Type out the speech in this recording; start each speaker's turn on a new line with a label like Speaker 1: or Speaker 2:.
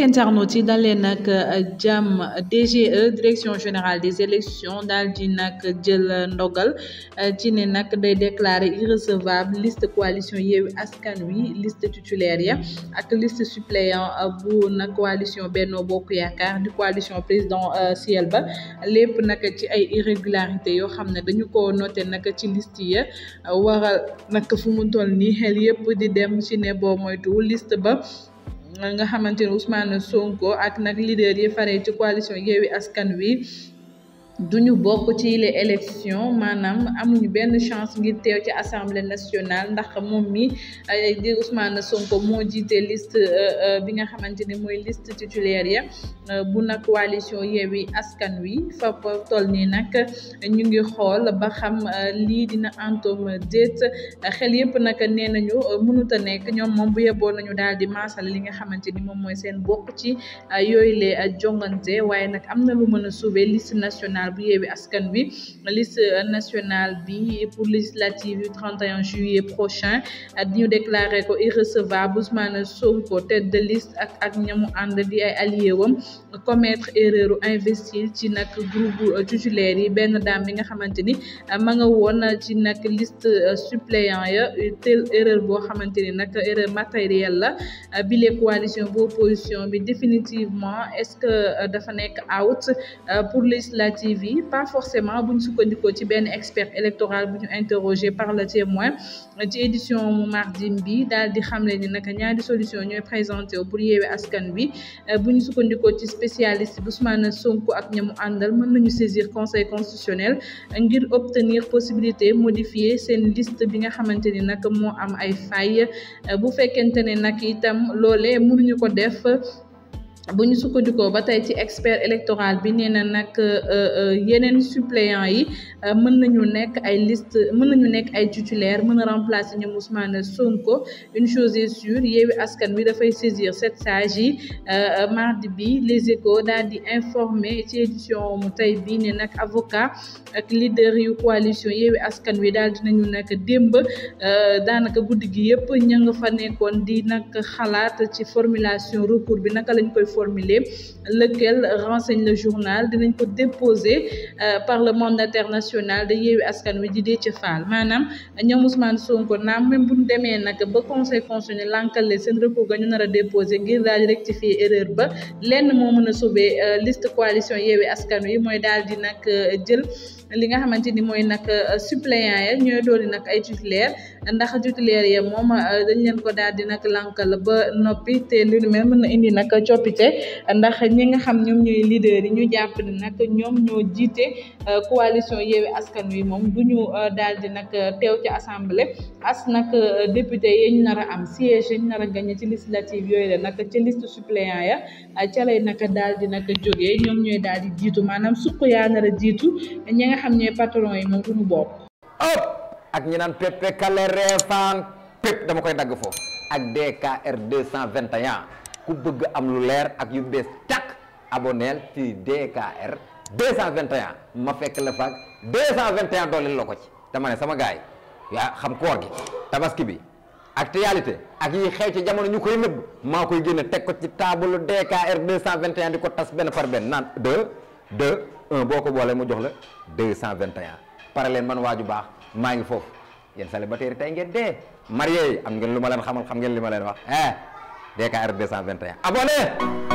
Speaker 1: mbokk internautes yi dalee nag euh, jàmm DGE direction générale des élections daal di nag jël ndogal euh, ci ne nag day déclarer irrecevable liste coalition Yewwi Askan Wi list titulaire ya ak liste suppléant euh, bu nag coalition Benno Bokk Yaakaar di coalition présidentielle ba lépp nag ci ay irrégularités yoo xam ne dañu ko noté nag ci liste ya waral nag fu mu toll nii xel yëpp di dem ci ne boo moytu liste ba nga xamante ne na Sonko ak nag leader yi fare ci coalition Yewwi Askan Wi duñu bokk ci yile élection maanaam amuñu benn chance ngir teew ci assemblée nationale ndax moom mi di Ousmane Sonko moo jiite liste euh, euh, bi nga xamante ne mooy liste titulaire ya euh, bu nag coalition Yewwi Askan Wi fa toll nii nag ñu ngi xool ba xam lii dina antom déet xel yëpp nag nee nañu mënut a nekk ñoom moom bu yeboo nañu daal di maasal li nga xamante ni moom mooy seen bokk ci yooyu lee jongante waaye nag am na lu mën a sauver liste nationale bu Yewwi Askan Wi liste nationale bi pour législative yu 31 juillet prochain ñu déclaré ko irrecevable Ousmane Sonko tête de liste ak ak ñamu ànd di ay allié wam commettre erreur investir ci nag groupe titulaire yi benn daam bi nga xamante ni ma nga woon ci nag list suppléant ya tel erreur boo xamante ni nag erreur matérielle la bi coalition bu opposition bi définitivement est-ce que dafa nekk out pour législative suivi pas forcément bu ñu sukkandikoo ci benn expert électoral bu ñu interrogé par le témoin ci édition mu mardi bi daal di xamle ni naka ñaari solution ñooy présenté pour yeewee askan bi euh, bu ñu sukkandikoo ci spécialiste bu Ousmane Sonko ak ñamu àndal mën nañu saisir conseil constitutionnel euh, ngir obtenir possibilité modifier seen liste bi nga xamante ni nag moo am ay failles euh, bu fekkente ne nag itam loolee mënuñu ko def. bu ñu sukkandikoo ba tey ci expert électoral bi nee na nag euh, euh, yeneen suppléant yi euh, mën nañu nekk ay liste mën nañu nekk ay titulaire mën a remplacer ñoom Ousmane Sonko une chose est sûre Yewwi Askan Wi dafay saisir sept sages yi mardi bi les Échos daal di informer ci tey bi ne nag avocat ak leader yu coalition Yewwi Askan Wi daal dinañu nag démb daanaka guddi gi yëpp ña fa nekkoon di nag xalaat ci formulation recours bi naka lañ koy formulée lequel renseigne le journal dinañ ko déposé euh, par le mandataire national de Yewwi Askan Wi di Déthié Fall maanaam ñoom Ousmane Sonko naam même bu ñu demee nag ba conseil constitutionnel lankale seen recours ga ñu nar a déposé ngir daal di rectifier erreur ba lenn moo mën a sauver euh, liste coalition Yewwi Askan Wi mooy daal di nag euh, jël li nga xamante ni mooy nag suppléant ya ñooy doon nag ay titulaire ndax titulaire ya moom dañ leen ko daal di nag lankal ba noppi te ndax ñi nga xam ñoom ñooy leader yi ñu jàpp ne nag ñoom ñoo jiite euh, coalition Yewwi Askan Wi moom du ñu euh, daal di nag euh, teew ci assemblée as nag député yi ñu nar am siège yi ñu nar a gagné ci législative yooyu la nag ci liste suppléant ya ca lay nag daal di nag jógee ñoom ñooy daal di jiitu maanaam suq yaa nar a jiitu ñi xam ñooy patron yi moom du ñu bokk.
Speaker 2: ëpp ak ñi naan pepe kale reefaan pépp dama koy dagg foofu ak DKR 221. ku bëgg am lu leer ak yu bees tàkk aboneel ci DKR 221 ma fekk la faag 221 dooleel la ko ci dama ne sama gars yi yaa xam koor gi tabaski bi actualité ak yi xew ci jamono ñu koy nëbb maa koy génne teg ko ci taabalu DKR 221 di ko tas benn par benn naan 2 de 1 boo ko boolee mu jox la de 221 pare leen man waaju baax maa ngi foofu yéen célibataire tey ngeen dee marié yi am ngeen lu ma leen xamal xam ngeen li ma leen wax eh, DKR 221 abonné